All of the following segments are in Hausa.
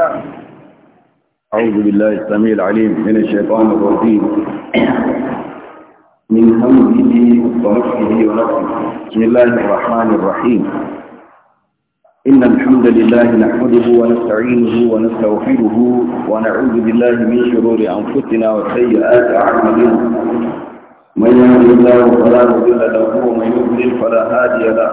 أعوذ بالله السميع العليم من الشيطان الرجيم من همزه ونفسه ونفسه بسم الله الرحمن الرحيم إن الحمد لله نحمده ونستعينه ونستغفره ونعوذ بالله من شرور أنفسنا وسيئات أعمالنا من يهد الله فلا مضل له ومن يضلل فلا هادي له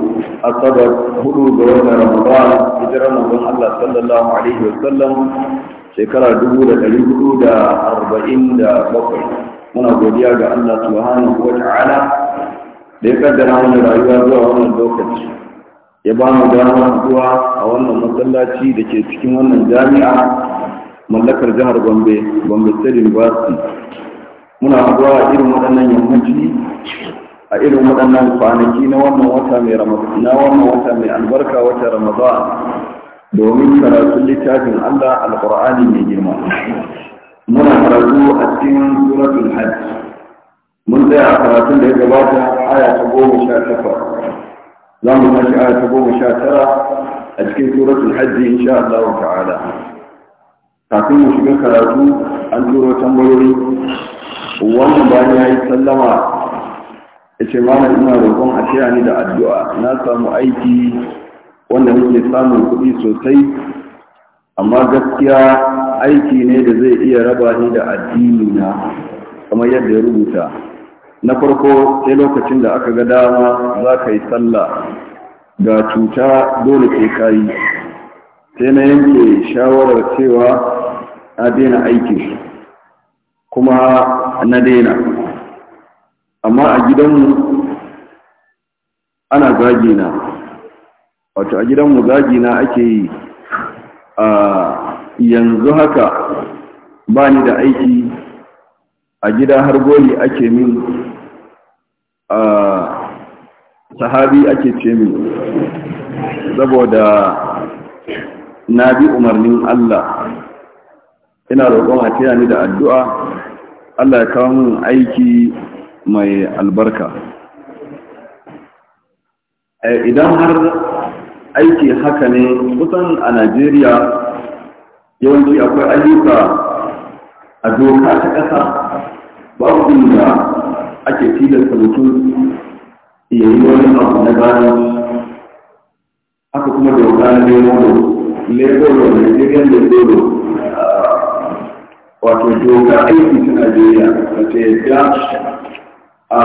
asabar hudu ga watan ramadan hijirar manzon Allah sallallahu alaihi wasallam shekara dubu da dari hudu da arba'in da bakwai muna godiya ga Allah subhanahu wa ta'ala da ya kaddara mana rayuwa zuwa wannan lokaci ya ba mu dama zuwa a wannan masallaci da ke cikin wannan jami'a mallakar jihar Gombe Gombe State University muna zuwa irin waɗannan yammaci a irin waɗannan kwanaki na wannan wata mai na wannan wata mai albarka wata ramadan domin karatun littafin Allah alqur'ani mai girma muna karatu a cikin suratul hajj mun tsaya a karatun da ya gabata aya ta goma sha takwas za mu tashi aya ta goma sha tara a cikin suratul hajj insha Allah ta'ala kafin mu shiga karatu an turo tambayoyi wannan bayan ya yi sallama yace malam ina roƙon a taya ni da addu'a na samu aiki wanda muke samun kuɗi sosai amma gaskiya aiki ne da zai iya raba ni da addini na kamar yadda ya rubuta na farko sai lokacin da aka ga dama za ka yi sallah ga cuta dole ke kayi sai na yanke shawarar cewa na daina aikin kuma na daina amma a gidanmu ana zagi wato a gidanmu zagi na ake yi a yanzu haka ba ni da aiki a gida har goli ake min a sahabi ake ce min saboda na bi umarnin Allah ina roƙon a ni da addu'a Allah ya kawo min aiki mai albarka eh, idan har aiki haka ne kusan a najeriya yawanci akwai ayyuka a doka ta ƙasa babu inda ake tilasta mutum iya yi wani abu na gano haka kuma doka na nemo laboro nigerian laboro ah, wato doka aiki ta najeriya wace ya a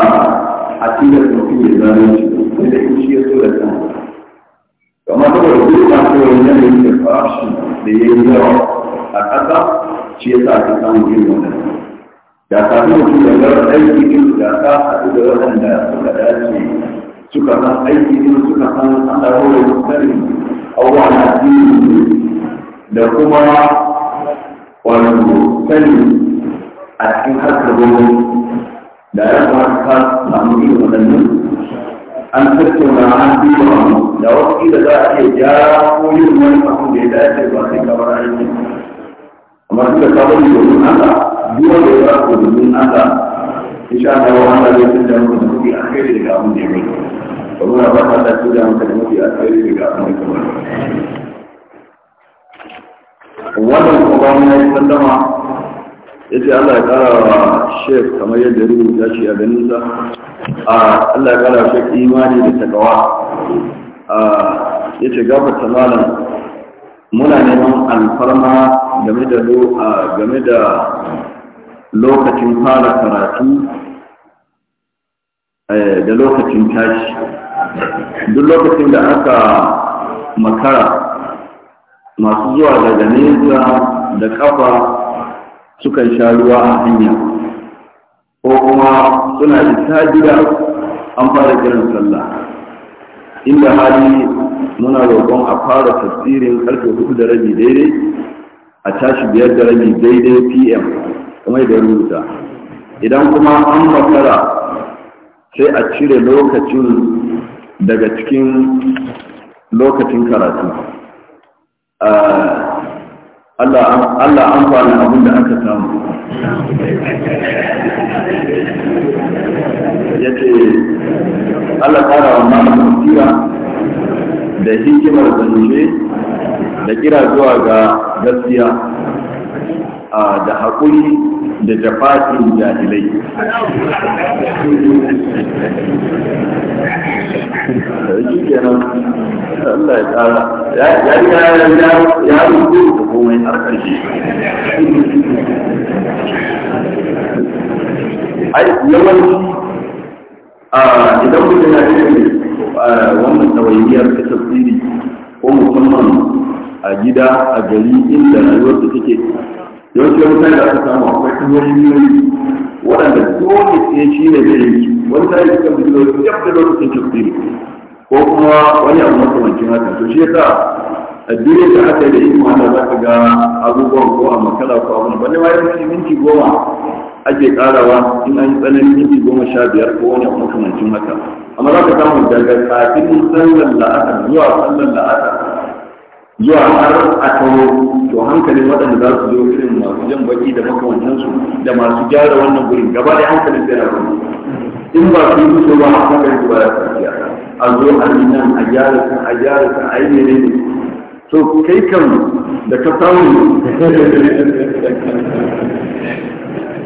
akidar mutum ya zane shi wanda da shi ya so da kan kamar da wani duk da kawai yanayin da corruption da ya yi yawa a ƙasa shi ya sa aka samu irin wannan da kafin mutum ya gara aiki din da ka haɗu da waɗanda suka dace suka san aiki din suka san an da hore musarin na da kuma wani sani a cikin harkar gwamnati da ya kuma ka samu irin waɗannan an tattauna an fi da wani da wasu da za a iya gyara koyin wani abu da ya dace ba sai ka bar aiki amma duk da sabon yi domin Allah duk wanda ya ba domin Allah insha Allah wa Allah zai tunda mu da kuɗi a kai daga abin da ya bai domin ba ta da tunda muku da kuɗi a kai daga abin da ya bai wannan kuma ya yi sallama yace Allah ya kara wa shek kamar yadda ya rubuta shi a ganin sa a Allah ya kara shek imani da takawa a yace ta malam muna neman alfarma game da game da lokacin fara karatu eh, da lokacin tashi duk lokacin da aka makara masu zuwa daga nesa da kafa sukan sha ruwa a hanya ko kuma suna isa gida an fara kiran sallah inda hali muna roƙon a fara tafsirin karfe hudu da rabi daidai a tashi biyar da rabi daidai pm kuma da rubuta idan kuma an makara sai a cire lokacin daga cikin lokacin karatu ah, Allah an fara abin da aka samu ya ce Allah tsara wa malam kira da hikimar zanure da kira zuwa ga gaskiya da haƙuri da jafafin jahilai shi kenan Allah ya tsara ya da idan mutum na wannan tawayyar ta tafsiri ko musamman a gida a gari inda rayuwarsa take yawanci mutane da aka samu akwai hanyoyi waɗanda dole ne shi ne zai yi su wani ta yi kan bidiyo su ya ko kuma wani abu makamancin haka to shi yasa addini da aka yi da za ka ga abubuwan ko a makala ko ba ne ma minti goma ake karawa in an yi tsananin minti goma sha biyar ko wani abu makamancin haka amma za ka samu daga kafin sallar la'asar zuwa sallar la'asar zuwa har a tauro to hankalin waɗanda za su zo irin masu jan baki da makamantansu da masu gyara wannan gurin gaba da hankalin sai na gurin in ba su yi su ba a kan su ba da tafiya a zo a yi nan a gyara su a gyara su a yi ne ne to kai kan da ka samu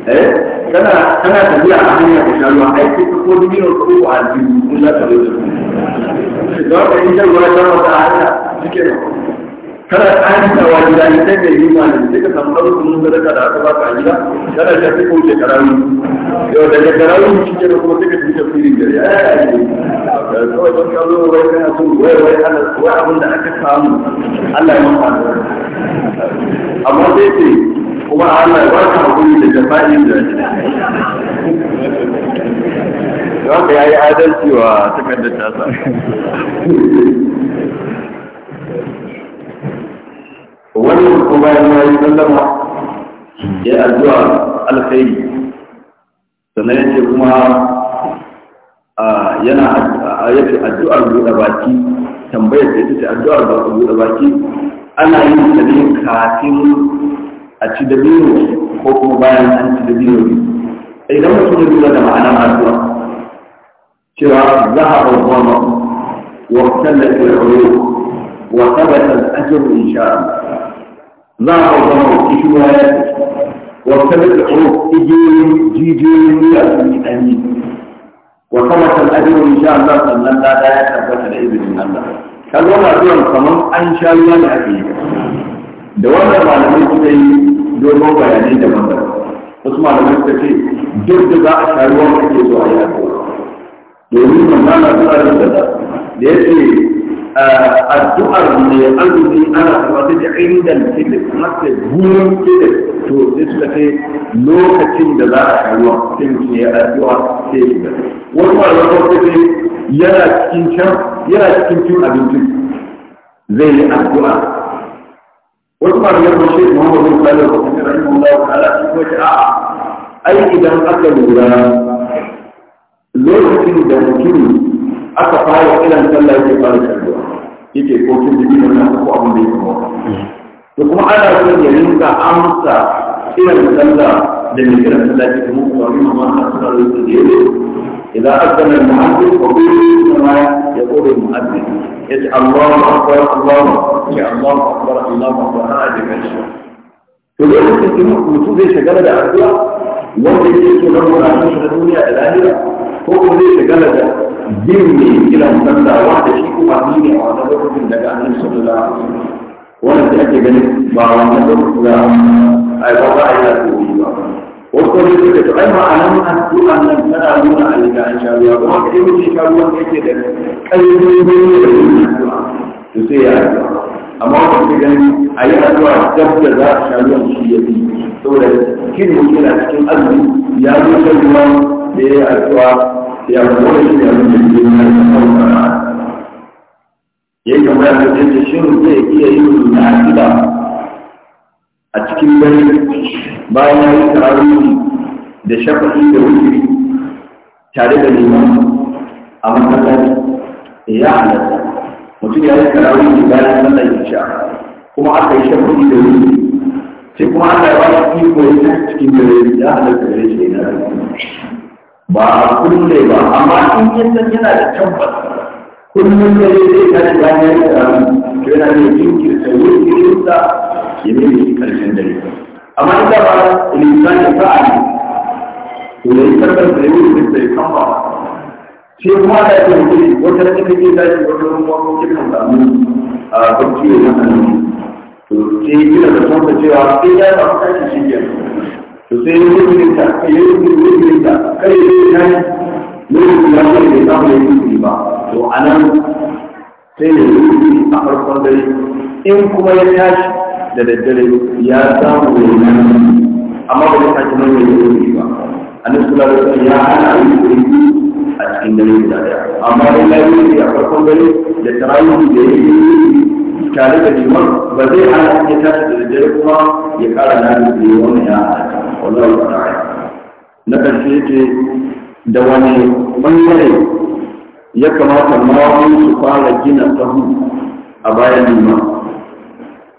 eh kana kana tafiya a hanya da sharuwa ai kai ka ko dubi ko a aljihu kun za ka zo da su za ka yi ruwa ta wata hanya shi kenan kana tsanta wa gida ni sai mai yima ne sai ka samu ɗaukar da sadaka da aka ba ka gida kana ta fi kauce karawi yau daga karawi shi ke da kuma sai ka fi tafsirin gari ya yi kawai don kawo wai kana so wai wai ana wai abin da aka samu Allah ya mafa da amma sai ce kuma Allah ya ba ka hakuri da jafa'i da Don ya yi adalci wa takardar tasa. wannan ko bayan ya yi sallama ya addu'a alkhairi sannan ya ce kuma yana yake addu'ar buɗe baki tambayar da ita ce addu'ar buɗe baki ana yin ta ne kafin a ci da biyu ko kuma bayan an ci da biyu idan mutum ya lura da ma'anar addu'a cewa za a bambama wa kallon da wa tabbatar ajiyar insha Allah za a hau zama ki shuwa ya ce wata da tsoro igiyoyin jijiyoyin wuya sun yi ɗanyi wa sama kan ajiyar insha Allah sannan lada ya tabbata da izinin Allah kan wannan zuwan kamar an sha ruwa da ake yi da wannan malamai suka yi dogon bayanai daban-daban wasu malamai suka ce duk da za a sha ruwan ake zuwa ya ko domin manzana suna da da ya ce addu'ar mai azumi ana karɓar da indan tilis masa burin tilis to sai suka ce lokacin da za a shayuwa sai mutum ya addu'a sai ya gida wani ƙwararren kawai sai yana cikin can yana cikin cin abincin zai yi addu'a wasu ƙwararren kawai sai muhammadu bin salim rahimahullahu rahimahullahu ta'ala shi ko ce a'a ai idan aka lura lokacin da mutum aka fara kiran sallah yake fara shanduwa yake ko kin jiki da nan ko abin da yake mawa to kuma ana son ya rinka amsa kiran sallah da mai kiran sallah ki mu ko yi ma a sallar da yake idan azana al-muhaddith wa ya ko yaqulu al ya yace Allahu akbar Allahu ya Allahu akbar Allahu akbar hadi kashi to lokacin da mutum zai shiga da addu'a wanda yake so na mura shi da duniya da lahira ko kuma zai shiga da bin ne kiran wa da shi kuma ni ne a wani lokacin daga annabi sallallahu alaihi wasallam wannan ganin ba wannan lokacin da ai ba ba ai da koyi ba wasu ne suka ce ai ma'anar addu'an nan tana nuna a riga an sha ruwa kuma kai mutum sha ruwa da yake da ƙarfin ne da yin addu'a to sai ya yi amma wanda ke ganin a yi addu'a dab da za a sha ruwan shi ya fi saboda kin mutum yana cikin azumi ya zo shan ruwa da ya yi addu'a ya kuma ya ne abin yi na da kawai ya yi kamar da ke shin zai iya yin na akida a cikin dare bayan ya yi tarawihi da shafa'i da wuri tare da liman a masallaci eh, ya halatta mutum ya yi tarawihi bayan ya isha kuma aka yi shafa'i da wuri sai kuma aka yi wani iko ya cikin dare ya halatta gare shi na ba a kulle ba amma in yana da tabbas kullum da ya zai kan da ya yi yana da jinkirta wurin ya mai karshen dare amma ita ba ilisa ya fa'a ne to ya tabbas da ya yi da ya kama ce kuma da ya yi wuri wata da take da shi wata kuma ko kiran samu a barci ya yi to yi. kira da tsanta cewa sai ya samu shi kenan to sai ya yi ta kai ya yi ta kai ya yi ta lokacin ya kai bai samu ya yi ba to a nan sai ya yi a farkon dare in kuma ya tashi da daddare ya samu ya yi amma ba ya tashi nan ya yi ba annabi sallallahu alaihi ya hana yi a cikin dare guda daya amma yi lafiya a farkon dare da tarawih da ya yi tare da liman ba zai hana ya tashi da daddare kuma ya kara lafiya wannan ya hana wallahu ta'ala na ƙarshe ce da wani ɓangare ya kamata mawani su fara gina sahu a bayan nima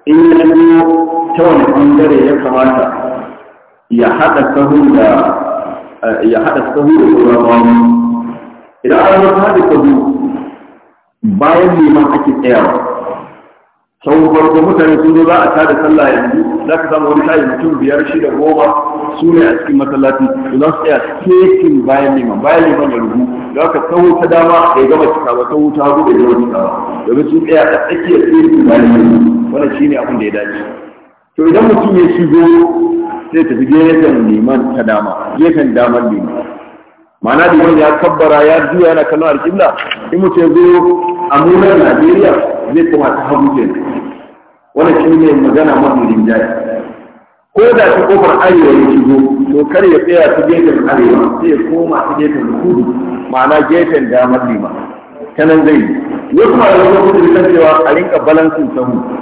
in ya zo ta wani ɓangare ya kamata ya haɗa sahu da eh, ya haɗa sahu da sauran idan an zama haɗa sahu bayan nima ake tsayawa sau farko mutane sun zo za a tada sallah yanzu za ka samu wani tayi mutum biyar shida goma su ne a cikin masallaci su za su tsaya kekin bayan liman bayan liman ya rubu za ka sau ta dama bai gama cika ba sau ta hagu bai gama cika ba domin sun tsaya a tsakiyar cikin bayan liman wannan shi ne abin da ya dace to idan mutum ya shigo sai tafi gefen liman ta dama gefen damar liman ma'ana da yin ya kabbara ya juya yana kallon alƙibla in mutum zai zo a nunar najeriya zai kuma ta hagu ke Wani shi ne magana mafi rinjaye ko da shi kofar arewa ya shigo to kar ya tsaya ta gefen arewa sai ya koma ta gefen kudu ma'ana gefen damar lima ta nan zai yi ya kuma da wani kudu da cewa a rinka balansin sahu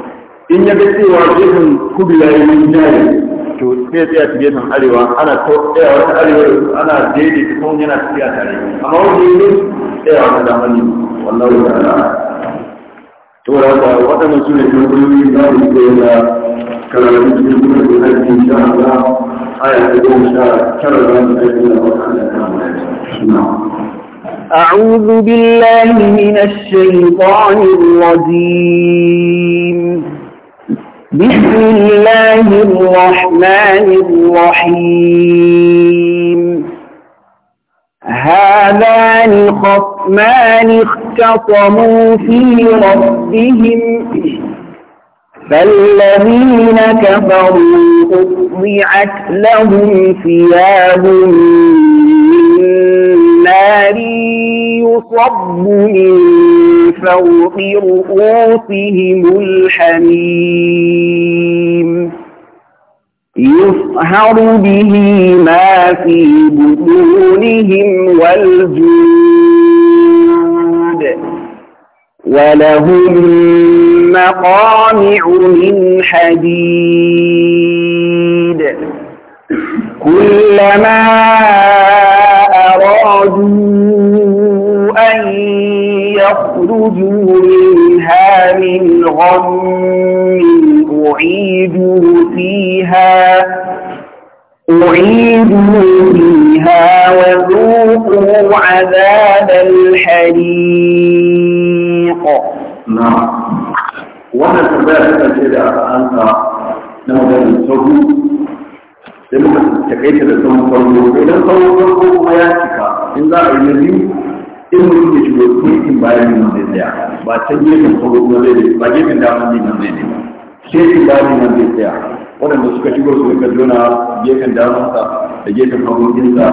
in ya ga cewa gefen kudu ya yi wani jari to sai tsaya ta gefen arewa ana tsaya wata arewa ana daidaita kuma yana tafiya tare amma wanda ya yi tsaya wata dama ne wallahu ta'ala to da ba waɗannan su ne tambayoyi za mu koyi da karatu cikin kuma da aiki insha Allah aya ta goma sha tara za mu aiki da wata Allah ta mu أعوذ بالله من الشيطان الرجيم بسم الله الرحمن الرحيم هذان خصمان اختصموا في ربهم فالذين كفروا قطعت لهم ثياب نار يصب من فوق رؤوسهم الحميم يصهر به ما في بطونهم والجود ولهم مقامع من حديد كلما أرادوا أن يخرجوا منها من غم أعيدوا فيها أعيدوا فيها وذوقوا عذاب الحريق نعم وانا تبارك كده انت نوع من الصبر sai muka takaita da tsawon farko in za a yi na biyu in mutum ya shigo ko in bayan liman zai tsaya ba ta gefen kogo kuma zai ne ba gefen daman liman zai ne ba sai in bayan liman zai tsaya waɗanda suka shigo su rika jona gefen damansa da gefen hagunsa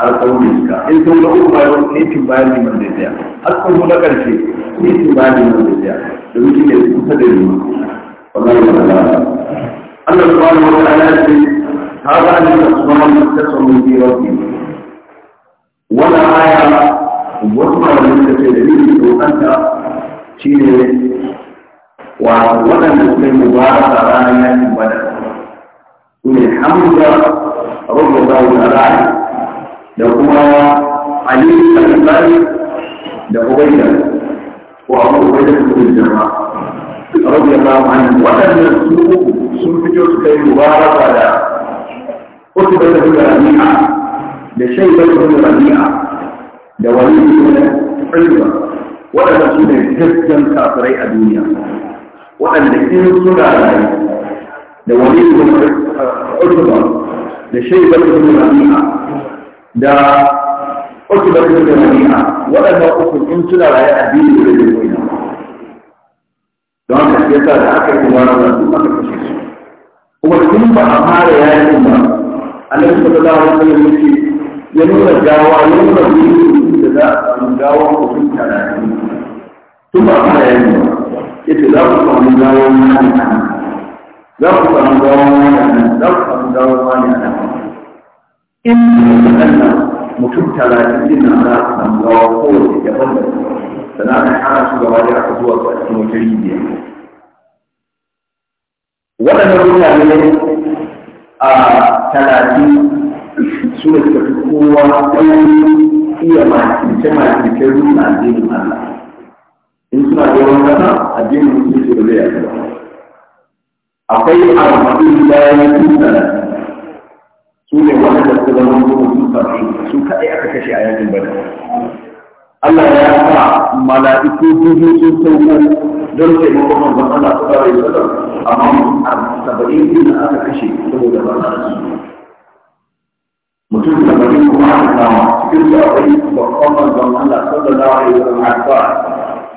har tsawon suka in sun ga uku bayan sai bayan liman zai tsaya har sun na ƙarshe sai bayan liman zai tsaya domin shi ne kusa da liman wallahi wallahi Allah subhanahu wa ta'ala ya ce هذا الذي أصبحنا نستسلم في ربه wannan aya wasu malamai suka ce da nufin tsokanta shi ne wa wannan waɗanda suka yi mubaraka ranar yakin badar su ne hamza rabu da ra'ayi da kuma ali al-sari da ubaida ko abu ubaida su ne jama'a rabu da ra'ayi waɗannan su sun fito suka yi mubaraka da kutubar da suka rami'a لشيء بن ربيعة لوليد بن حلوة وأنا سنة جدا كافرية الدنيا وأنا إن سنة علي لوليد بن عتبة لشيء بن ربيعة دا عتبة بن ربيعة وأنا أقول إن سنة علي الدنيا don haka ya sa da aka yi wani wani aka kashe su kuma tun ba a fara yayin ba annabi sallallahu alaihi wasallam yake ya nuna gawa ya nuna biyu da za a samu gawa ko kun tara ne tun ba fara yin ba yace za ku samu gawa ne a nan za ku samu gawa ne a nan za ku samu gawa ne a nan in da mutum talatin din nan za ku samu gawa ko wace daban da sannan a hana su gaba da aka zuwa a cikin wata rijiya waɗannan mutane a talatin Suna tafi fi kowa ɗauri iya makince-makince rusa addinin Allah in suna yawan kasa addinin ce da zai yi ba akwai arba'in bayan tutar su ne da su zama goma sun sarfi su kaɗai aka kashe a yakin bada Allah ya sa mala'iku dubu sun sauko don taimakon manzon Allah sallallahu yi wasallam amma a saba'in din aka kashe saboda ba su mutum da bari kuma a kama cikin da akwai babban manzon Allah sallallahu alaihi wa sallam hatta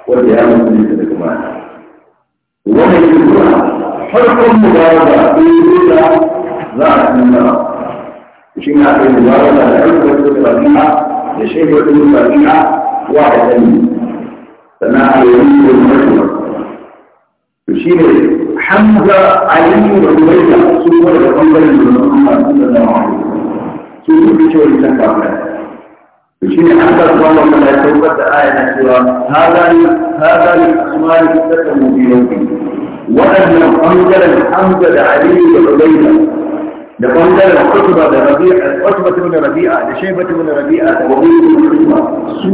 wanda ya mutu da kuma wanda ke zuwa farkon mubarak da sai da za a nuna shi na kai mubarak da ɗaukar da fatiha da shekar da fatiha wa da sani sannan a yi da mutuwa to shi ne hamza aliyu da ubaida su kuma da ɓangaren da mutum sallallahu alaihi su suka ce wani can kafin to shi ne an ta zuwa wannan da ya tabbatar da aya na cewa hadani hadani asmani tattakan mubiyauki waɗannan ɓangaren hamza da aliyu da ubaida da ɓangaren kutuba da rabi'a kutuba ta wani rabi'a da shaiba ta wani rabi'a da wani kutuba su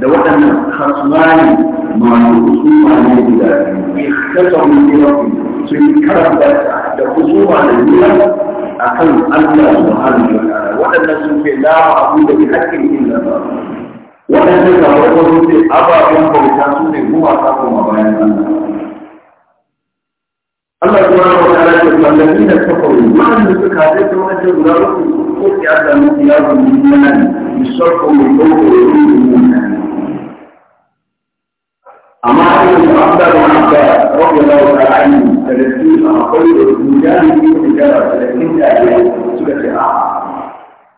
da waɗannan hasmani masu husuma ne guda biyu tattakan mubiyauki sun karanta da husuma da biyu akan Allah subhanahu wa ta'ala waɗannan sun la ma'budu da bi haqqin illa ba waɗannan da farko sun ce ababen bauta su ne kuma ta kuma bayan Allah Allah subhanahu wa ta'ala ce da kafaru man da suka ce ta wannan guda ko ya da ya da mu nan ko mu ko ko أما أن عبد بن عباس رضي الله تعالى عنه ثلاثين أقل رجال في الرجال ثلاثين آية سورة أعراف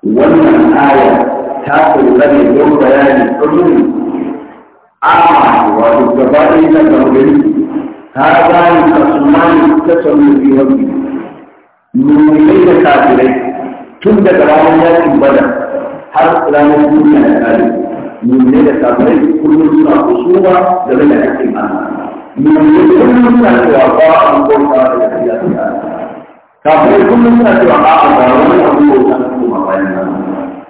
ومن آية تأخذ بني يوم بيان الحلول أعراف وبالكبائر المغرب هذان الخصمان اقتسموا في ربي بين كافرين تبدأ كلام ياتي بدر حتى لا نكون من mummune da kafirai kullum suna kusuwa da rage hakkin Allah mummune kullum suna cewa ba a bauta da gaskiya ta Allah kafirai kullum suna cewa a a ba wani abu ba ta kuma bayan nan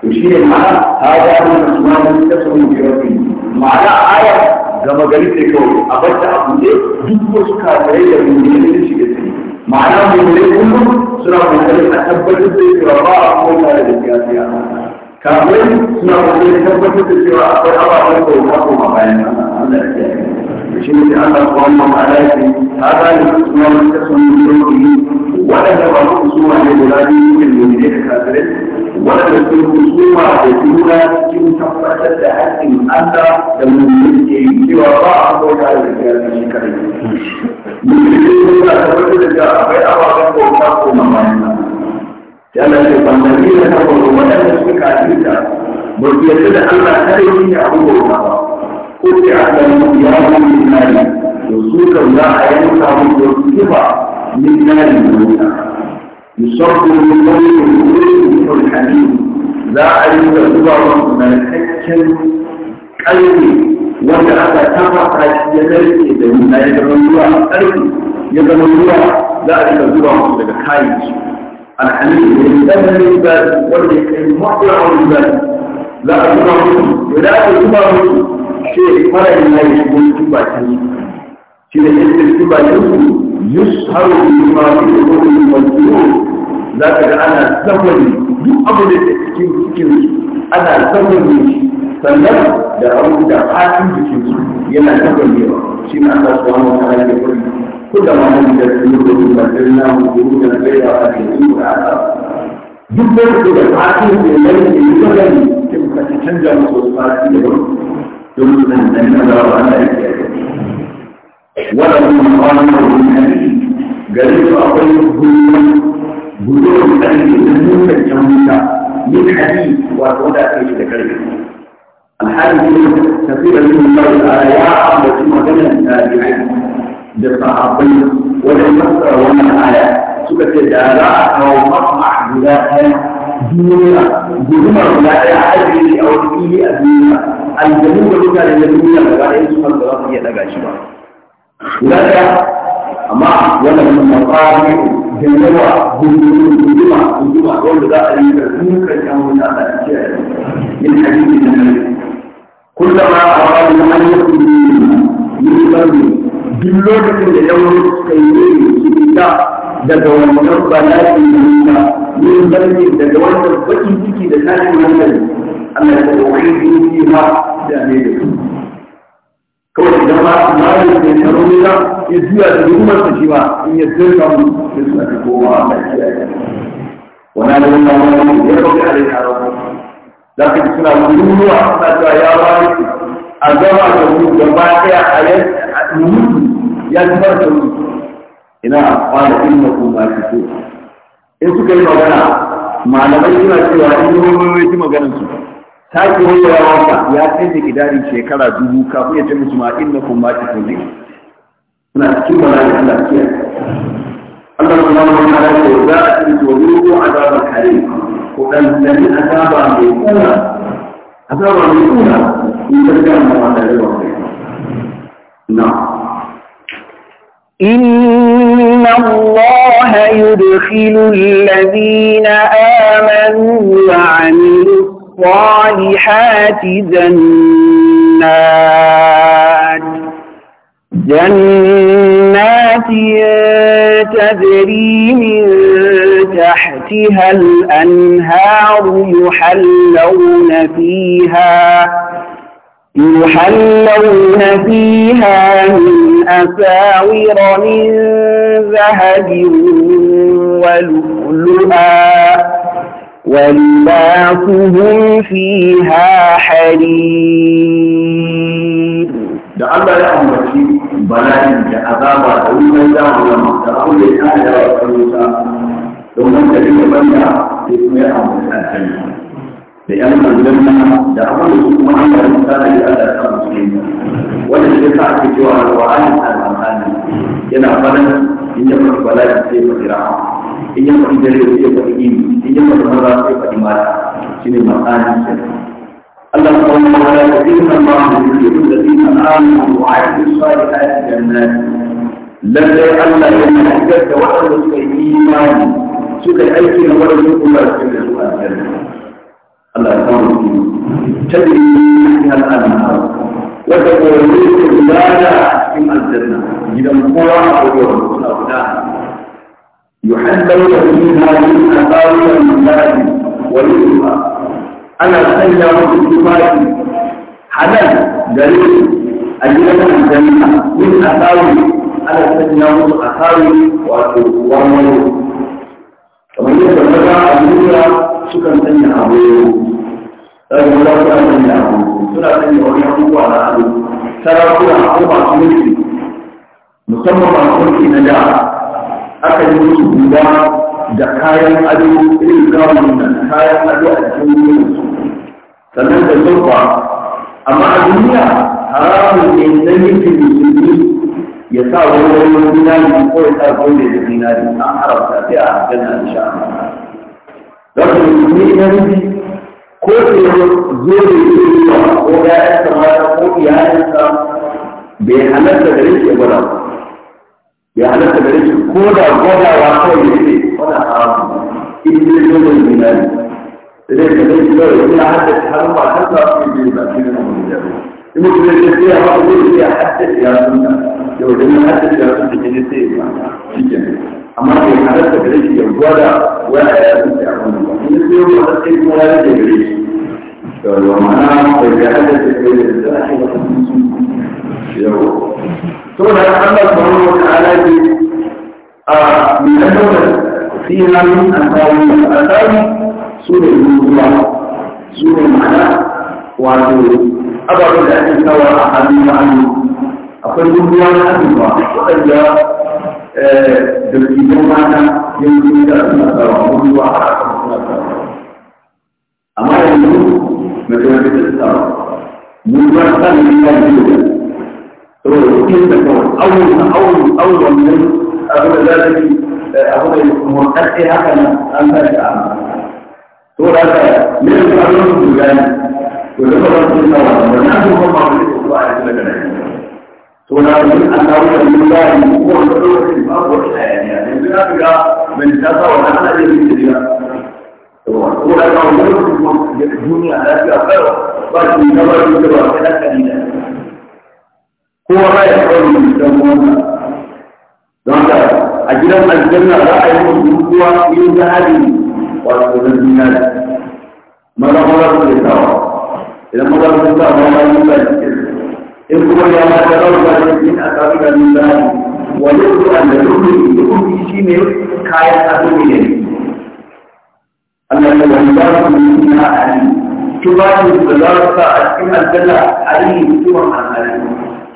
to shi ne ma ta ga da suna da ta samu ma'ana aya gama gari ce kawai a bata a buɗe duk wasu kafirai da mummune da shiga ma'ana mune kullum suna kokarin a tabbatar da cewa ba a bauta da gaskiya ta kafin suna kokarin tabbatar da cewa akwai ababen bauta kuma bayan Allah ya kiyaye شيء أن الله عليك هذا الاسم والاسم من ذنبه ولا يبقى خصوما لبلاد المؤمنين الكافرين ولا يكون خصوما لدولا إن تفتت حق أنت المؤمنين سوى الله عز على الرجال الشكرين. من ذنبه تفتت أبي أبا غير وفاق ومباينة yana ce ban da ni da kafa waɗanda suka kafi da ba su yarda da Allah kada yi ne abu bauta ba ko ce a kan ya yi nari to su kan za a yi samu da kifa min nari da wuta yusabbu min qawli qawli al-halim za a yi da zuwa wannan narkakken kalbi wanda aka tabbata shi ya narke da wuta ya zama ruwa a ƙarfi ya zama ruwa za a rika zuwa daga kayan su الحليم يستمر البال والمحضر البال لا تكرهون ولا تكرهون شيء ولا لا يشكون تبعتني شيء يسر تبعتني يسهر بما في الأمور والسرور لا تجعلنا سهل يؤمن التسكين سكين أنا سهل sannan da abu da hatin jikin yana tabbayewa shi ne Allah subhanahu wa ta'ala ya كلما نجدت جنود بدلناهم جنودا غيرها ليزيدوا العذاب dukkan su da fatin da yanki yi magani da ka canja musu fati da yau don su nan nan na zawa ana yake wala mun kwana da wani gari su akwai gudun gudun da ke da mutan can wuta ni hadi wato da ake shi da karfi alhali ne tafiyar yin Allah ta'ala ya ambaci maganar tabi'ai da sahabbai wajen fassara wannan aya suka ce da za a kawo mama guda ɗaya duniya gudumar guda ɗaya ajiye a wani fili a duniya aljanu da mutane na duniya da ba ɗaya su ba za su iya ɗaga shi ba. Guda ɗaya amma wannan mafari da yawa guduma guduma wanda za a yi da dukkan yan wuta a cikin yin hadisi da kullum ma a wani hanyar kudu ne ne duk lokacin da ya wuri suka yi ne da daga wannan bala'i da ne barke daga wannan bakin ciki da tashin hankali Allah ya kawo wani jini ma da ne da su kawai idan ma malin da ya rauni na ya juya da rumar su shi ma in ya zirga mu da su ake koma Allah ya kiyaye wani da wannan wani ya rauni a da yaron za ka ji suna ruruwa suna cewa ya wani a zama da mu gaba ɗaya a yanzu ya ci fara sauri ina kwana inna ku ba ki so in suka yi magana malamai suna cewa in yi wani ji maganar su sake wayewa wanka ya canza kidarin shekara dubu kafin ya ce musu ma in ku ba ki so ne suna cikin malamin Allah kiyaye Allah subhanahu wa ta'ala ya ce za a ci wa yuqu azabal kare, ko dan dan azaba mai kula azaba mai kula in da ga mu da yawa na إن الله يدخل الذين آمنوا وعملوا الصالحات جنات جنات تجري من تحتها الأنهار يحلون فيها يحلون فيها من أساور من ذهب ولؤلؤا ولباسهم فيها حرير da Allah ya ambaci bala'in da azaba da wunan jahannama da abin da ya kare da wasu wuta domin da rike banda sai kuma ya ambaci aljanna لأن الجنة دعوه سبحانه وتعالى لألا المسلمين ولا يدفع في جوار القرآن الأمانة إن أفضل إن يفرق ولا يسيب قراءة إن يفرق جريء يسيب إيم إن يفرق مرة يسيب إمارة شنو مكان الله سبحانه وتعالى يقول الله يريد الذين آمنوا وعملوا الصالحات جنات لذي الله يمنع جد وعلى السيئين سكر أيكنا ولا يكون لا يكون Allah ya kawo su tajri min al-anhar wa taqulu ibada min al-janna gidan kowa a gurin suna guda yuhaddalu fiha min asawi al-milad wa al-ruha ana sanya musu tufafi halal gare su a gidan aljanna min asawi ana sanya musu asawi wato warwaro kamar yadda maza a duniya sukan sanya agogo ɗan maza suna sanya abu suna sanya wani abubuwa na abu sarakuna ko masu mulki musamman masu mulki na da aka yi musu guda da kayan ado irin gawon nan kayan ado a cikin wurin sannan da zurfa amma a duniya haramun ne na yankin musulmi ya sa wani zinari ko ya sa wani da zinari an haramta sai a gana da sha don su ne na rufi ko ce zo da ke zuwa ko ya'yansa mata ko iyayensa bai halatta da rike gwada bai halatta da rike ko da gwadawa kawai ya ce wani haramu in zai zo da zinari da zai ka zai zo da zinari har da har ba ta sa su yi zinari shi ne na mutum يمكن أن فيها رأي فيها حدث يا سنة لو لم حدث يا سنة جنسين أما في حدث بريش يوجد ولا يسمع عنه يوم حدث ولا يدري ومعناه في حدث بريش يوم ثم الله سبحانه وتعالى من أجل فيها من أثاري أثاري سورة الله سورة معناه وعدوه ababen da ake sawa a hannu na hannu akwai dubuwa na azurfa waɗanda da cikin mata yanzu da suna sawa dubuwa a kan suna sawa amma yanzu majalisar da sawa mun ba sa ne ya yi da saboda cikin da kawai awon awon awon wannan abin da za ta yi abin da ya kuma haka nan an sa shi a amma saboda haka ne da abin da ya وذكر في الصلاة والناس هم قبل الله عز وجل ولكن أنه لله هو الحر في الأرض والحياة يعني من كذا ونحن الذي في الله ولا يعلمون الدنيا لا تأخره لكن كما يذكر لا كليلا هو لا يحرم المسلمون ذلك أجل الجنة لا يكون هو من ذهب ولا من ماذا مرض الإسلام إذا مضى الإنسان وما ينبغي إن هو يوم تغرب من أسرار الله ويبدو أن يكون يكون في شيء كاية أدوية أن الإنسان منها عليم تبان بلارسة أسكن الجنة عليم تبان عن عليم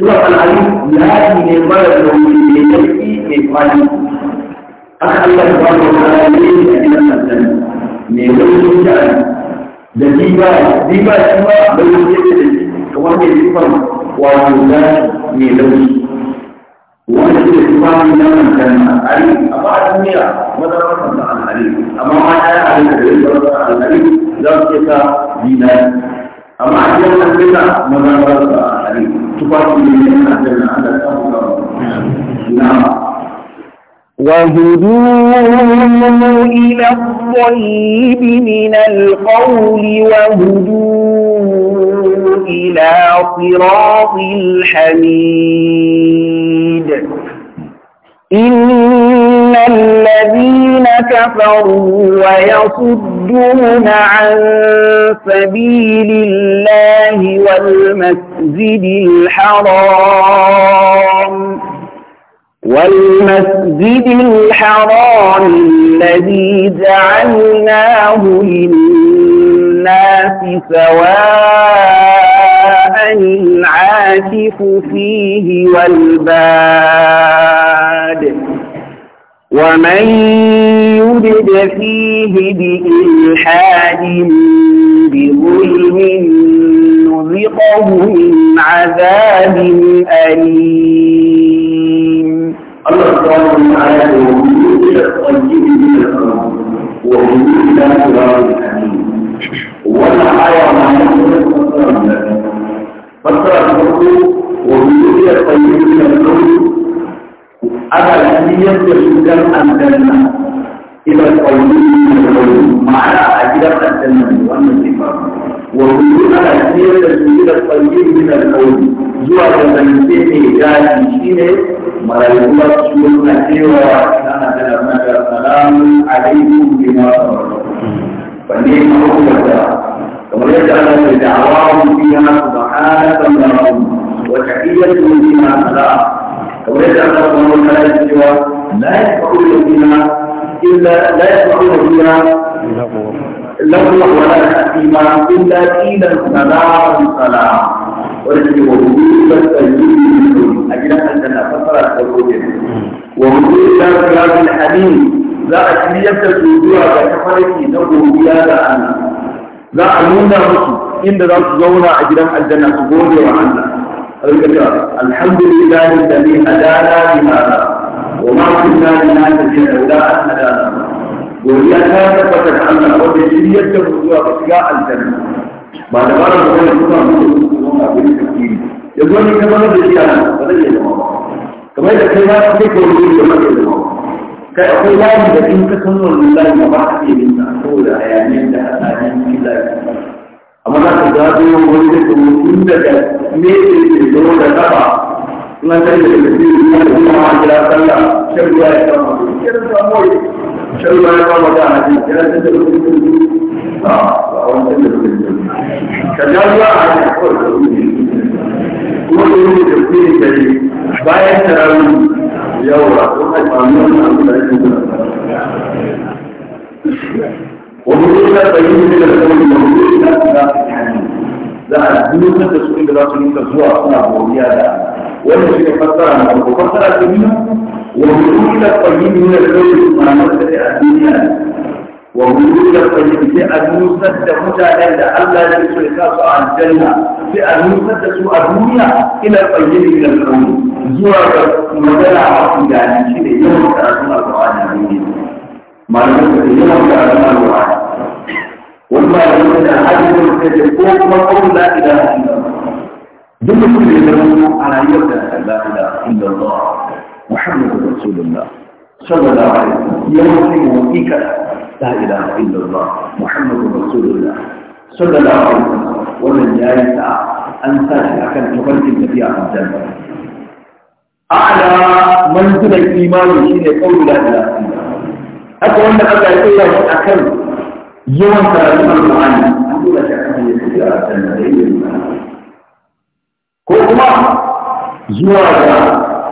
تبان عن عليم لهذه المرة الوحيدة التي يفعل أخلق الله تعالى من أجل الجنة من وجه الجنة da riba riba shi ma da wani yake da shi kamar mai riban wato da mai laushi wanda shi da shi ba mai naman kan al'ari amma a duniya madarar kan al'ari amma ma ta yi al'ari da riba kan al'ari za su ce ta dinari amma a cikin aljanna madarar kan al'ari tufafi ne na aljanna Allah ta hukawa na'am وهدوا إلى الطيب من القول وهدوا إلى صراط الحميد إن الذين كفروا ويصدون عن سبيل الله والمسجد الحرام والمسجد الحرام الذي جعلناه للناس سواء العاكف فيه والباد ومن يرد فيه بإلحاد بظلم نذقه من عذاب أليم الله سبحانه وتعالى يقول الطيب من الأرض وحدود لا الأرض الحميد ولا آية ما يقول فسر الله فسر الحقوق وحدود الطيب من القلوب أبا لم أن الجنة إلى الطيب من القلوب معنى أجل الجنة وأن الصفات وكلنا نسير تسويل الطيب من الكون القول زوى تسلسل جاهي شينه ملايكوة شيون نسير وانا تلمك سلام عليكم بما فنعم عقبة كما يجعل بدعواهم فيها سبحانك اللهم وتحية فيها سلام كما يجعل لا تعالى سوى لا يسمعون فيها إلا لا يسمعون فيها لولا ولا فيما إلا قيلا سلام سلام ورسي وجود السجود أجل أن نفسر السجود ووجود الرياض الحميد za a shiryarta su zuwa ga tafarki na godiya da Allah za a nuna musu inda za su zauna a gidan aljanna su gode wa Allah rika cewa alhamdulillah da bi hadana bi hada wa ma kunna linahtadiya laula an hadana godiya ta tabbata ga Allah wanda shi yadda mu zuwa ga shiga aljanna ba da bara mu ne kuma mu kuma ga wani tafsiri yanzu wani kamar da shi ana ba zai yi zama kamar da kai ma kai ko ne da mai zama kai akwai layi da in ka san wannan layi ba ka iya yin ta saboda hayaniyar da hadarin shi layi amma za ka zaɓo wani da kuma tun daga me ne da zo da gaba in an kai da tafsiri kuma da kuma ma kira sallah shan ruwa ya kama shi da samuwa شو ما يقام مكانك كذلك تدخل في الجنة اه وانت تدخل في الجنة كذلك الله يقول كل تفكير كريم باين تراوي يورا وقد قانون عن ومدينة بيوم من الأول موجودة في الحنين لا الدنيا تسوي بلا تنين تزوى أصنع بوليادا ولا شيء فترة من الأول فترة كمينة ومنوط الطيب من الكون ما نفسد الدنيا ومنوط الطيب في الموسد متعلم لألا يسرقاس عن الجنة في الموسد سوء الدنيا إلى الطيب من الكون زوى مدلع عقيد عن الشيء يوم تأثنى القرآن ما نفسد يوم تأثنى القرآن والله يقول أحد يقول ما قول لا إله إلا الله دمت في الجنة على يوم لا إله إلا الله محمد رسول الله صلى الله عليه وسلم يوم فيك لا إله إلا الله محمد رسول الله صلى الله عليه وسلم ومن جاء أن تاشي أكن تفرق النبي عن الجنة أعلى منزل الإيمان شيء قول لا إله إلا الله أتمنى أن أتعطيه أكن يوم ثلاثة القرآن أقول لك أكن يتبع الجنة ko kuma zuwa ga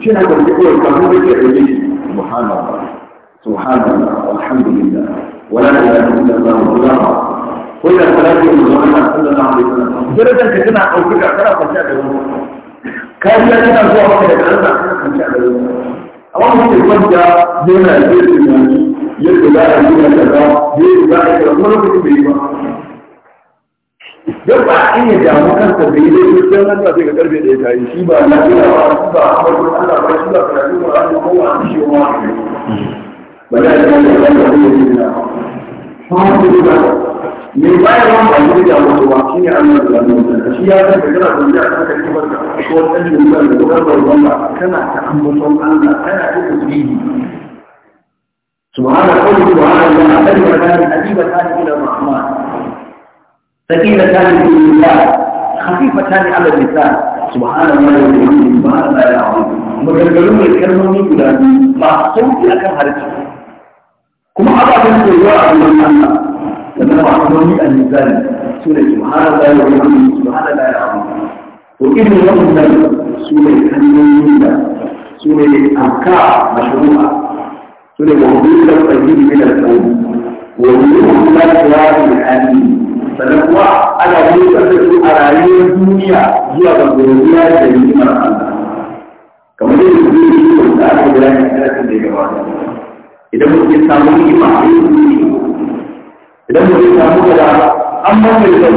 شنو هذا الذكر القانون ذكر سبحان الله سبحان الله والحمد لله ولا إله إلا الله ولا وإلى صلاة المزمنة من الله عليه وسلم درجة كنا أو كنا كنا فشاء دولة كان لا كنا زوا وكنا كنا فشاء دولة أولا في الفجة دينا البيت الماني يجب لا يجب لا يجب لا يجب لا يجب لا يجب duk ba in ya damu kansa da yi dai duk dan Allah sai ka karfe da ta yi shi ba Allah ba ambaton Allah ba shi ba karatu ba Allah ko wa shi wa bala da Allah da Allah ne na alhamdulillah ne ba ya ban ba ne da wato ba shi ne Allah da Allah shi ya san da kana da aka ci barka ko dan da da da Allah kana ta ambaton Allah kana ta tasbihi سبحان الله سبحان الله أجمل هذه أجمل هذه إلى الرحمن سكينة تاني في الإنسان خفيفة تاني على الإنسان سبحان الله وبحمده سبحان الله يا عظيم مجرمون يتكلمون من كده معصوم في أكل هذا كما أضع بنت الله أبو الله لما معصومي النزال سبحان الله وبحمده سبحان الله يا عظيم الله النبي سورة الحمد سورة أبكاء مشروعة سورة مهدوثة وتجيب من القوم وليه الله سلاح العالمين sannan kuma ana nufar da su a rayuwar duniya zuwa ga godiya da ni'imar Allah kamar yadda zai yi da aka gura ne a da ya gabata idan mutum ya samu ni'ima a yi idan mutum ya samu gada an mafi da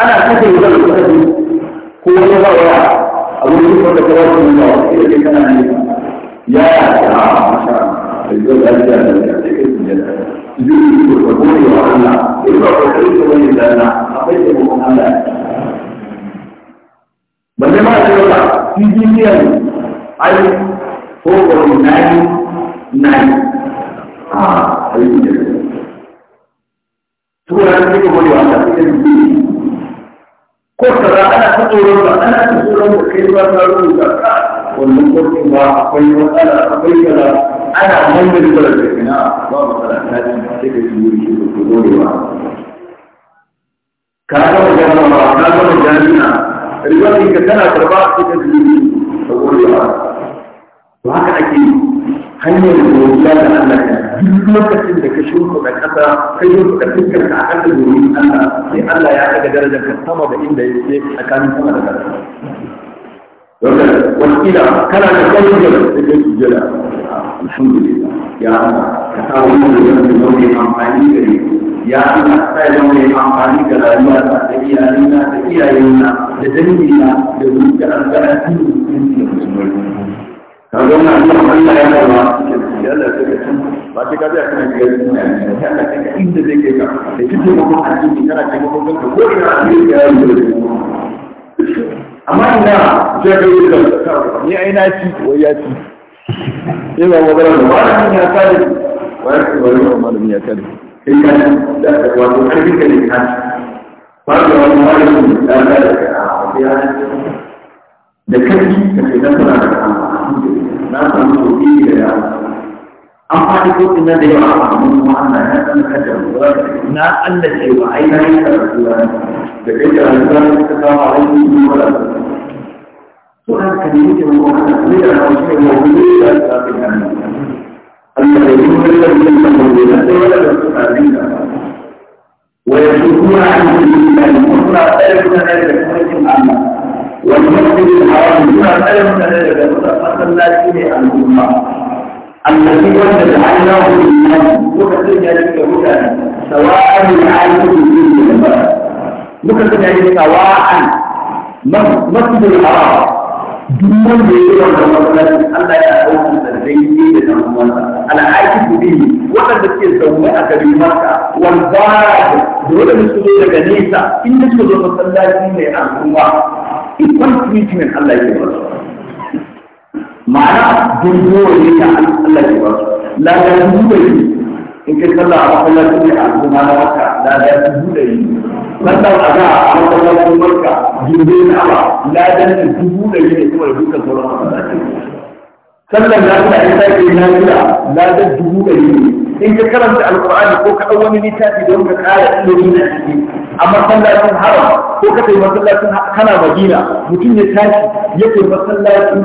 ana kasa yi zama kasa ko wani ba wa abin da kuma da kawai da wani ba wa ya ce kana ne ya ya ta masha ba ne ba a cikin ba cgtn ai ko kori 99 a cikin ko tara ana ta tsoron ba ana ta tsoron da kai ba ta rubuta ka wannan ba akwai akwai ana mun da dole da kina ba mu fara ta ji sai ka yi wuri ko gorewa ka ga mu jama'a ka ga mu jami'a riwani ka tana karba sai ka yi wuri ko gorewa to haka ake hanyar godiya da Allah ya duk lokacin da ka shirku da kasa kai yau da fuskar ka akan da domin Allah sai Allah ya daga darajar ka sama da inda yake tsakanin sama da kasa والإله كان تقول الجلال الحمد لله يا الله كتابه من نوم أمامي كريم يا الله سيدنا من أمامي كريم أن الله تكيا لنا تكيا لنا لدنيا لدنيا الكريم Kagona ni Allah ya Allah ya Allah ta kace ba ta kaje kana ga ya Allah ta inda zai kai ka da kike mu a cikin kana amma ina sai ka yi da ni ai na ci wai ya ci sai ba magana da malamin ya kare wai ka bari wa malamin ya kare kai ka da ka wato kai ka ne ka ba da wani malamin ya kare ka a ya da kai ka kai na fara da na samu sauki da yawa an faɗi kotun nan da yawa a mun kuma Allah ya san kada na Allah ce wa ai na yi karatu da kai da rayuwa ta kama aiki da wala to an ka ne yake mun kuma Allah ne da rawa shi ne mun yi da ta fi nan Allah ya yi mun da yin da mun da sai wala da su kan da ويشكون عن سبيل الله الكفر ألف ذلك كفرهم عما والمسجد الحرام كفر ألف ذلك كفر فصلى فيه عن الله الذي وجد عينه في الناس وكثير ذلك هدى سواء العالم في البلد وكثير ذلك سواء مسجد الحرام dukkan da yake wannan matsalar Allah ya ɗauki da zai yi da nan wannan al'aiki su bi waɗanda suke zaune a garin Makka wal barad dole ne su zo daga nesa inda su zo masallaci mai al'umma in treatment Allah ya yi ma'ana dunduwa ne da Allah ke ba su lada dunduwa ne in kai sallah a masallaci ne a kuma na haka lada dunduwa ne sallar a ga a masallacin barka dunduwa na ba da dunduwa ne kuma da dukkan sauran masallaci sallar lafiya in ta ke lafiya lada dunduwa ne in ka karanta alqur'ani ko ka dau wani littafi don ka kara ilimi na ciki a masallacin haram ko ka kai masallacin kana madina mutum ya tashi ya kai masallacin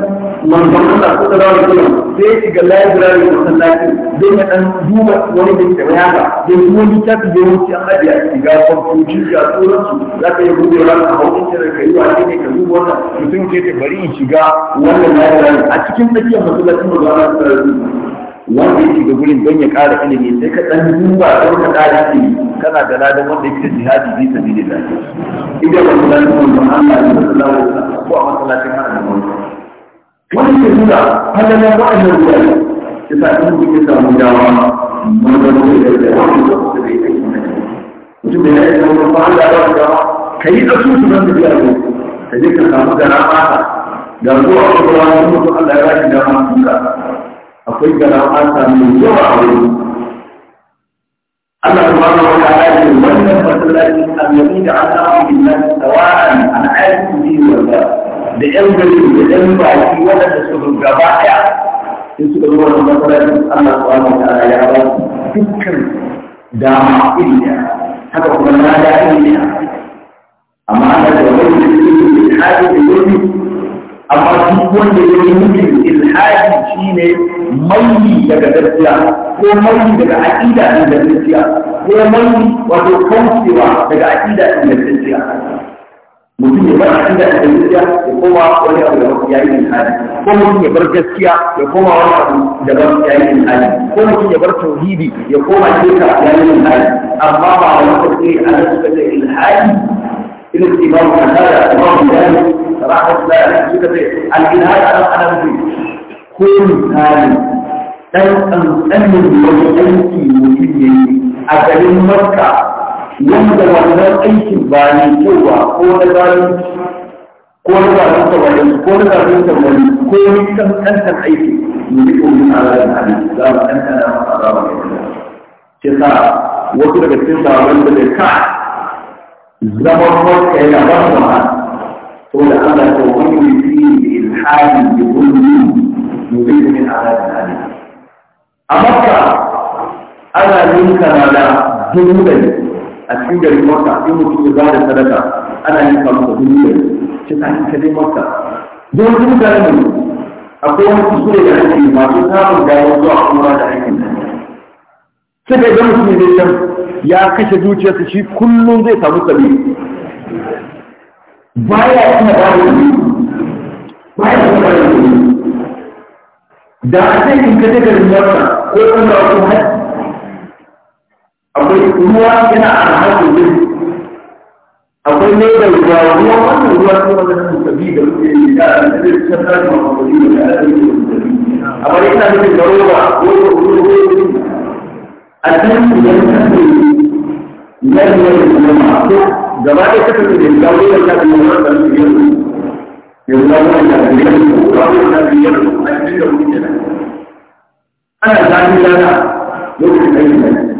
manzon Allah ko da wani kuma sai ya shiga library masallacin don ya dan duba wani da ke bayana da kuma littafi da wuce an ajiya shiga kwamfuci ga tsoron su za ka yi gobe ran a haukin kira ka yi wani ne ka duba wannan mutum ke ta bari in shiga wannan library a cikin tsakiyar masallacin manzon Allah wanda yake ga gurin don ya ƙara ilimi sai ka ɗan duba don ka ƙara ilimi kana da ladan wanda yake jihadi bi da shi idan ba kula da wannan Allah ya sallallahu ko a masalacin haram da wani ke nuna hadalan wa'annan ruwan ya sa in kuke samu dawa mun ga da da wani da da bai kai mutum da ya yi zama ba Allah ya ba ka yi su nan da ka je ka samu garama ga zuwa kuma Allah ya ba shi dama akwai gara'ata mai yawa a wuri Allah subhanahu wa ta'ala ya ce wannan masallaci annabi da Allah bin nas sawa'an an aiki bi wa da yan gari da yan baki wadanda suka gaba daya in suka zo wannan masallaci Allah subhanahu wa ta'ala ya ba dukkan dama iliya haka kuma na da iliya amma Allah da wani da yake da hali da yake amma duk wanda ya yi nufin ilhaji shi ne mai daga gaskiya ko mai daga aƙida ne da gaskiya ko mai wato kaucewa daga aƙida ne da gaskiya mutum ya bar aƙida ne da gaskiya ya koma wani abu da ya yi ilhaji ko mutum ya bar gaskiya ya koma wani abu da ya yi ilhaji ko mutum ya bar tauhidi ya koma shirka ya yi ilhaji amma ba wani kuɗi a nan suka ce ilhaji الاستمرار هذا الرجل راح لا الجهاد انا انا مفيد كل ثاني dan an an wani aiki mutum ne a garin Makka wanda wannan aikin ba ne cewa ko na zalunci ko na zalunta wani ko na zalunta wani ko ni kan kankan aiki mu yi koyi a ranar hadisi za mu kankana masa azabar da ya ce sa wasu daga cikin sabon da ka zaman wata yana ba su ma da Allah ta wani fi ne da gulmi yuri min azabin ne a maka ana yin kanada dubu da a cikin gari maka in mutum ya ba da sadaka ana ninka masa dubu da shi ta yi dai maka. don dubu da ne akwai wani kusur da ake masu samun gawar zuwa kuma da aikin suka yi zama su ne shan ya kashe zuciyarsa shi kullum zai samu sabi baya kuma ba ya kuma ba da a sai in kaje garin yarsa ko kan da wasu akwai ruwa yana arhaɗu ne akwai ne da ruwa ruwa wannan ruwa ne wanda da ruwa ne da a cikin cikin tsarin mafi da a cikin musabi amma yana nufin da roba ko da ruwa a can idan ka gaba da ta da ta a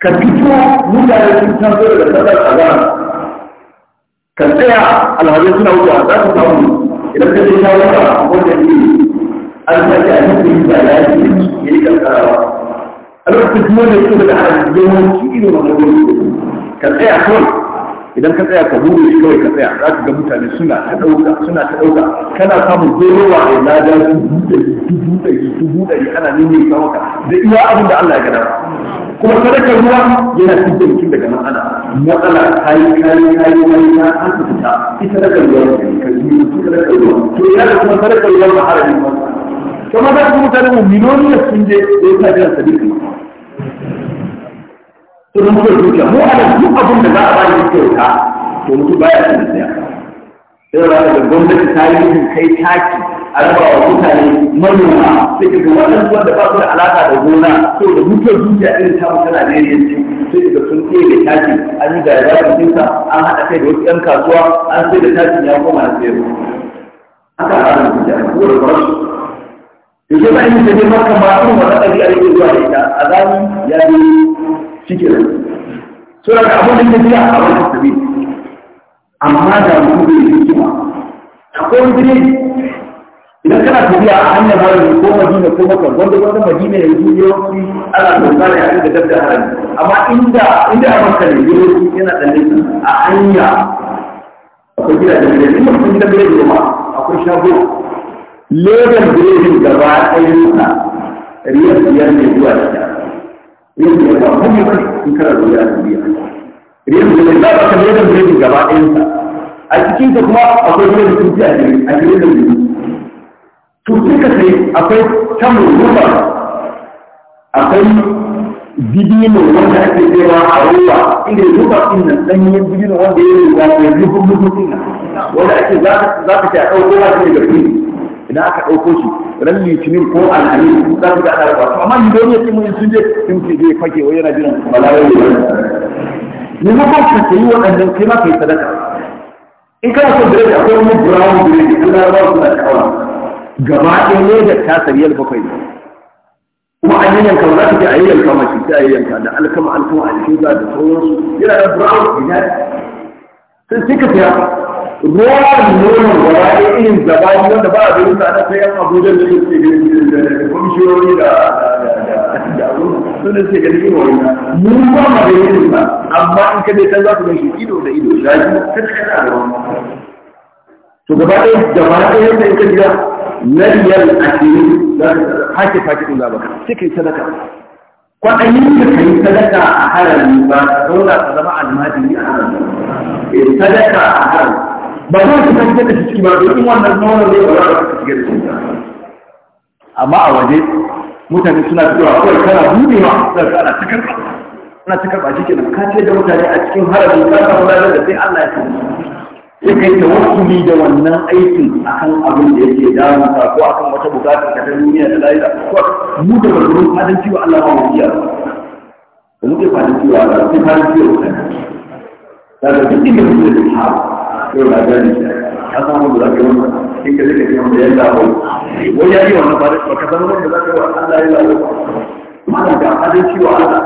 ka fito mutane sun san da sallar azhar ka tsaya alhaji suna wuce za su samu idan ka je shawara a ne an sake a cikin da ya yi ya yi a lokacin kuma da yake da harin yawanci irin wannan wani ka tsaya kawai idan ka tsaya ka bude shi kawai ka tsaya za ka ga mutane suna ta ɗauka suna ta ɗauka kana samun zerowa a yana da dubu ɗari dubu ɗari dubu ɗari ana neman ya maka da iya abin da Allah ya gada kuma sadakar ruwa yana cikin daga nan ana matsala kayi kayi kayi kayi na an fita ita sadakar ruwa ka yi sadakar ruwa to yana da kuma a harajin ma kuma za su mutane mu miliyoni da sun je da ya tafi da sabi kuma to mun da dukiya. mu ala duk abin da za a da kyauta to mutu baya san tsaya sai ra da gwamnati ta yi yin kai taki a raba wa mutane manoma sai ga wannan wanda ba su da alaka da gona to da mutuwar dukiya irin ta mu tana ne yanzu sai ka sun ke da taki an yi da yawa an haɗa kai da wasu 'yan kasuwa an sai da takin ya koma na sayarwa haka a ranar zuciya ko da da ba bayan da ke maka ba irin wannan zuwa da ita a ya zo cike da so daga abin da ke a wannan tabi amma da mutum bai yi hikima akwai dire idan kana tafiya a hanyar harami ko madina ko maka wanda wanda madina ya yi yawanci ana doka da yayin da dabda harami amma inda inda a maka ne yawanci yana da a hanya akwai gidajen gidajen gidajen gidajen akwai shago leban biredin gaba ɗayansa riyar biyar ne zuwa shida riyar biyar ba kuma in kana zuwa a duniya riyar biyar ba ka kalli leban biredin gaba ɗayansa a cikin ta kuma akwai riyar sun fi a jirin da biyu to duka sai akwai tamu ruwa akwai dibino wanda ake cewa a ruwa inda ruwa ɗin nan ɗanyen dibino wanda ya yi ruwa kuma yi ruwa nan wanda ake za ka a ɗauko wani da fili idan aka ɗauko shi ran litinin ko alhamis za su ga ana raba su amma idan ya ce mun sun je sun ce zai fake wai yana jiran balawai ne ne ma ba ka sayi waɗannan sai ma ka yi sadaka in kana son biredi akwai wani brown biredi an larabawa suna sha'awa gaba ɗaya ne da tasar yal bakwai kuma an yanka ba za ka ji a yi yanka mace sai a yi yanka da alkama alkama a jikin za da sauransu yana da brown biredi sai ka saya ruwan nonon gaba da irin gaba wanda ba a da yin tsada sai yan abuja da yin suke kwamishiyoyi da suna suke gani irin wani mu ba ma da yin ba amma in ka dai za ku ganshi ido da ido da shi ta kana da wani to gaba ɗaya gaba ɗaya yadda in ka jira na riyal ashirin za ka hake fake ɗin zaba sai ka yi sadaka kwaɗayin da ka yi sadaka a harami ba ka zauna ka zama almajiri a harami sadaka a harami ba za su kan da shi ciki ba domin wannan nonon zai ba da su shiga da shi amma a waje mutane suna fitowa kawai kana buɗewa za su ana ta karɓa ana ta karɓa shi kenan ka ce da mutane a cikin harabi ka samu ranar da sai Allah ya samu sai kai tawakkuli da wannan aikin akan abin da yake damu ka ko akan wata bukatar ka ta duniya da lahira ko mu da barbarun fadin ciwo Allah ba mu biya ba. da muke fadin ciwo ba sai fadin ciwo ka da duk inda muke da hawa yau na gani a samu da zaka yi wannan in ka zaka yi wanda ya dawo wani ya yi wannan ba da ka zama wanda zaka yi wa Allah ya dawo mana ga adalci wa Allah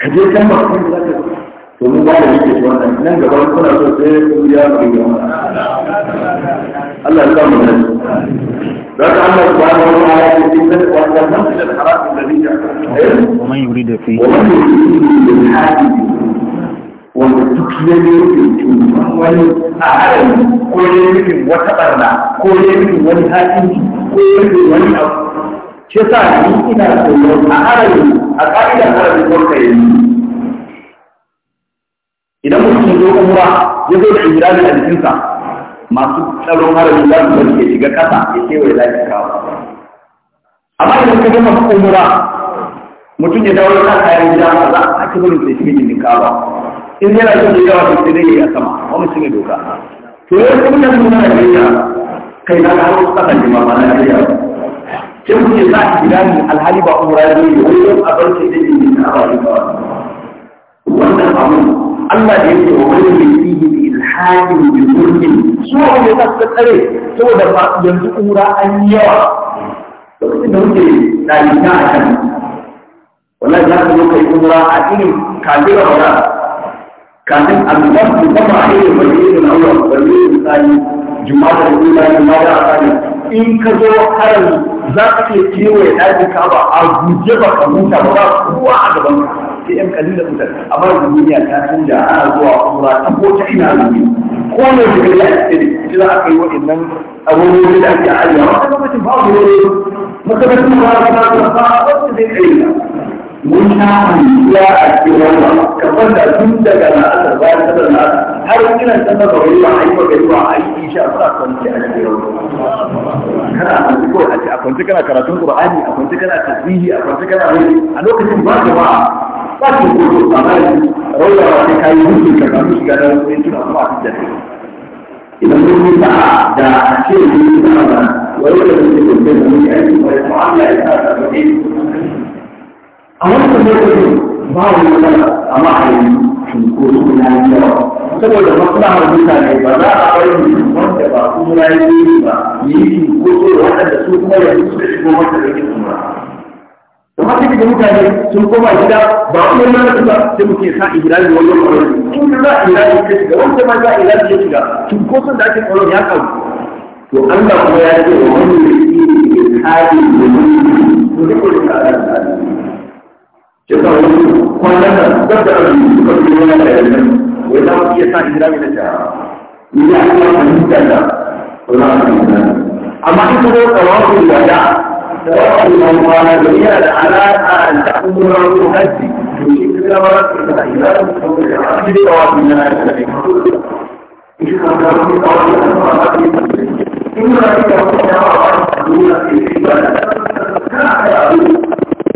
ka je kan ba kuma zaka yi to mun ba da yake wannan nan gaba kuna so sai ku ya mu yi Allah ya samu da ومن يريد فيه ya ne nufin wani a harami ko ya nufin wata barna ko ya nufin wani hakinci ko ya nufin wani abu shi sa ni ina tsoron a harami a ƙa'idar harami ko yi idan mutum ya zo umra ya zo da ihrami a jikinsa masu tsaron harami za su bari ya shiga ƙasa ya kewaye lafiya kawo amma idan ka gama umra mutum ya dawo da kayan gida ba za a ake barin sai shiga jikin kawo in yana son ya yawa tsere dai ya sama wani shi ne doka to yau kuma da mun na Najeriya kai na ga wasu kasan da ma na Najeriya ce ku ce za a kira ni alhali ba umra ne ne wani yau a ɗauke da ne na abari ba wannan abu Allah da yake wa wani mai fihi bi ilhadin bi mulkin su ne za su tsare saboda ba yanzu umra an yi yawa lokacin da muke dalilta a kan wallahi za ka zo kai umra a irin kafin Ramadan kafin a zuwa su zama a irin bayyana na Allah bayyana misali juma'a da kuma juma'a da asali in ka zo harin za ka iya kewaye ɗakin kaba a guje ba ka huta ba ba kowa a gaban ka sai yan kalin da mutane amma da duniya ta canja ana zuwa kuma ta ko ta ina a duniya ko ne da ya ce shi za a kai waɗannan abubuwan da ake ajiyawa a lokacin babu wani makarantar ba ba ba ba ba ba ba ba ba mun na hanziya a cikin wannan kamar da tun daga na asar bayan sadar na har kiran ta zama wani ba a yi ba gari ba a yi isha suna kwanci a cikin wannan kana kwanci ko a ce a kwanci kana karatun qur'ani a kwanci kana tasbihi a kwanci kana wani a lokacin ba da ba ba ki ko ko amma rawa wa ne kai mutu ka ga mutu ga da wani tuna kuma a cikin idan mun yi ba da a ce ni da ba wani da ke da mutu a cikin wannan ya ta da a wannan lokacin ba wani matsala amma a yanzu cunkoso na yi yawa saboda maslahar mutane ba za a bar mutum wanda ba su ya yi ba ya yi cunkoso waɗanda su kuma yanzu suka shigo masa da yake kuma da haka da mutane sun koma gida ba kuma na da ba sai mutum ya sa ihraji wannan kwaron in da za a ihraji ke shiga wanda ma za a ihraji ya shiga cunkoson da ake kwaron ya karu to Allah kuma ya ce wa wani da ke kare da wani da ke kare da يقول وانا تبدا لا تعلم واذا هي ثاني لا ينجا اذا هو مستند ولا اما ان هو قرار الوداع على أن تأمر بالحج تشيك إلى مرض إلى إلى إلى إلى إلى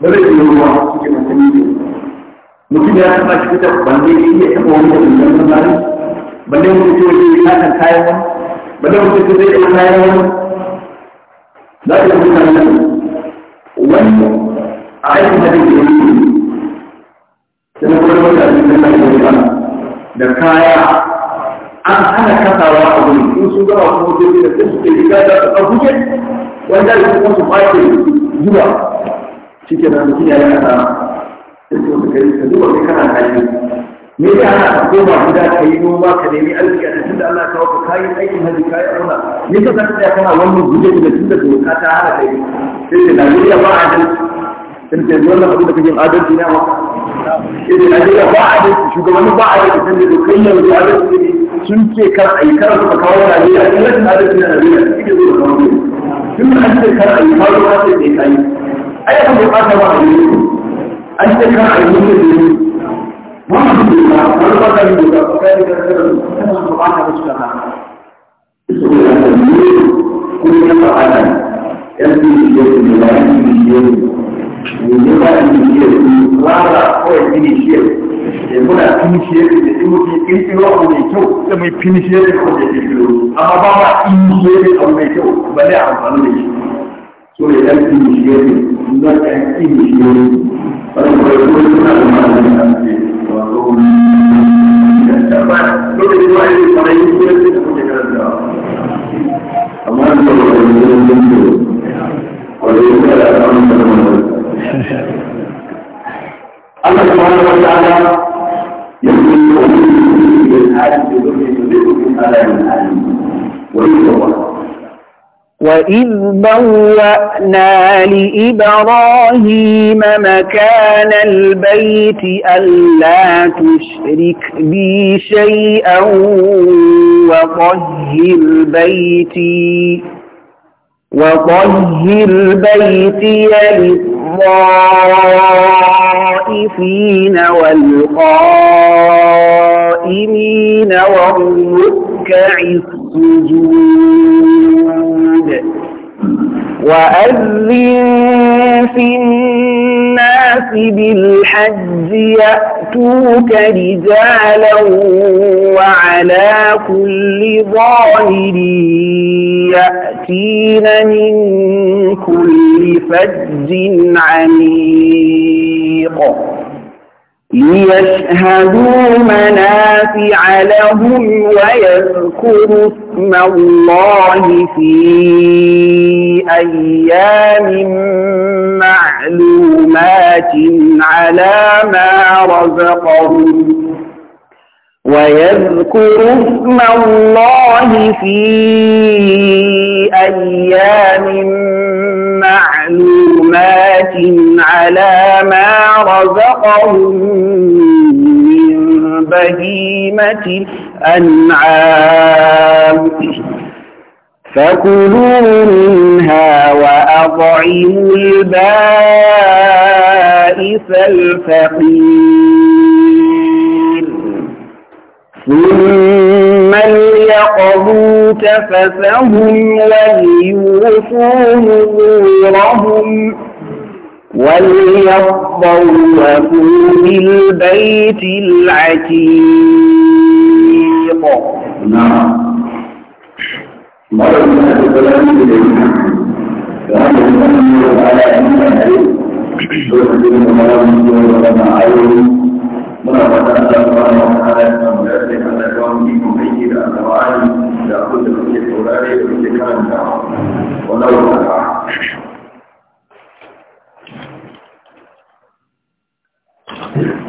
ba zai yi ruwa suke masu ne mutum ya kama shi kuta balle ya taɓa wani da mutum na bari balle mutum ce wani ya kan kayan wani balle mutum ce zai kayan wani za ka yi nan wani a aikin da ke yi sai na kuma wanda a cikin nan da da kaya an hana kasawa a wuri in sun gaba kuma zai da sai su ke riga da su ɗauke wanda ya kuma su ɓace zuwa shi ke nan mutum ya yi ana su gari ka zuwa kai kana kayi me ya ana ka koma gida ka yi noma ka nemi arziki a da Allah ya kawo ka yi aikin hajji yi auna me ka san tsaya kana wannan guje da tunda doka ta hana kai sai da Najeriya ba a dan sai da wannan abin da kake adalci ne amma sai da Najeriya ba a dan shugabanni ba a yi da tunda doka yanzu adalci ne sun ce kar a yi kar su kawo Najeriya in rashin adalci na Najeriya suke zo da kawo tun da an ce kar a yi kawo ka sai kai أيضا بقاطة وحيدة أنت كان عيوني بيه محمد الله ورقة بيه وكذلك الرجل كما قطعنا بشكرا بسم الله كل يقعنا يبدي بشيء من الله بشيء ويجب أن يشير وعلى قوة من الشيء يقول أن يشير يقول أن يروح من الشيء لما يفنشير يقول أن يشير أما بعض إن يشير أو من الشيء بلا عن قانون الشيء 所以在自己学习，你要在自己学习，而不是说是那种那种东西，我说我们怎么办？所以关于我们一些事情这个的，我们做了很多工作，我留下来他们怎么的。Allah subhanahu wa ta'ala يقول للعالم بظلم يذلكم على العالم ويتوكل وَإِذْ بَوَّأْنَا لِإِبْرَاهِيمَ مَكَانَ الْبَيْتِ أَلَّا تُشْرِكْ بِي شَيْئًا وَطَهِّرْ بَيْتِي وَطَهِّرْ بَيْتِيَ لِلطَّائِفِينَ وَالْقَائِمِينَ وَالرُّكَّعِ السجود وأذن في الناس بالحج يأتوك رجالا وعلى كل ظاهر يأتين من كل فج عميق ليشهدوا منافع لهم ويذكروا اسم الله في أيام معلومات على ما رزقهم ويذكر اسم الله في أيام معلومات على ما رزقهم من بهيمة الأنعام فكلوا منها وأطعموا البائس الفقير ثم ليقضوا كففهم وليوفوا نذورهم وليطوفوا بالبيت العتيق نعم Thank you. muna fata Allah ba mu hada da mu da sai Allah ba mu iko mai da alƙur'ani da abin da muke saurare da muke karanta wallahu ta'ala Thank you.